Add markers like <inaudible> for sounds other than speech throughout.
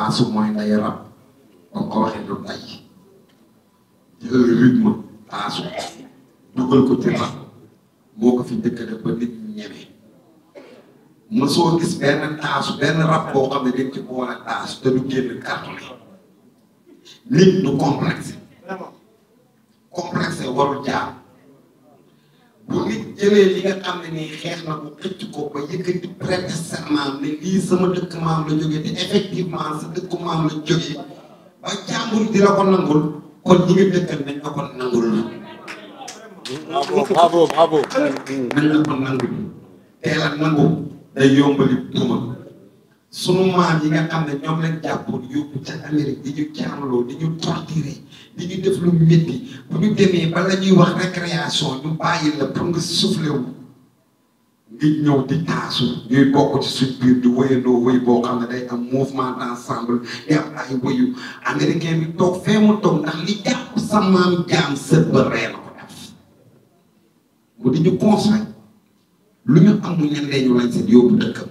taasu mooy nday rab ba ko waxee lu day jël taasu dugal ko ci rab moo ko fi njëkkale ba nit ñeme ma soo gis benn taasu benn rab boo xam ne dañ ci taasu te du génn carton nit du complexe complexe warul jaar bu nit jëlee li nga xam ne nii na ko xëcc ko ba yëkkati prêter serment ne lii sama dëkk maam la jógee te effectivement sa dëkku maam la jógee ba jàmbur di la ko nangul kon ñi nga dëkkal la ko nangul la. bravo bravo. nañ la ko nangul teel a nangu day yombali tuuma. sunu maam yi nga xam ne ñoom lañ jàppoon yóbbu ca Amérique di ñu jaamloo di ñu torturer di ñu def lu métti bu ñu demee ba la ñuy wax récréation ñu bàyyi la pour nga soufflé wu ñëw di taasu ñuy bokk ci suñ biir di wéyandoo wéy boo xam ne day am mouvement d'ensemble di am ay wéyu américain toog fee toog ndax li jàpp sa maam jaam sët ba ree def mu di ñu conseil lu ñu am mu ñandee ñu lañ seen yóbbu dëkkam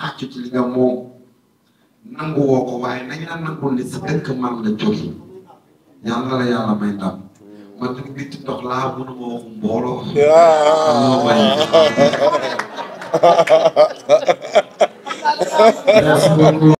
xàccu ci li nga moom nangu woo waaye nañ la ni sa dëkk maam la jóge yàlla na la yàlla may ndam man nag nit ndox laa mënu ma wax mbooloo <laughs> <laughs>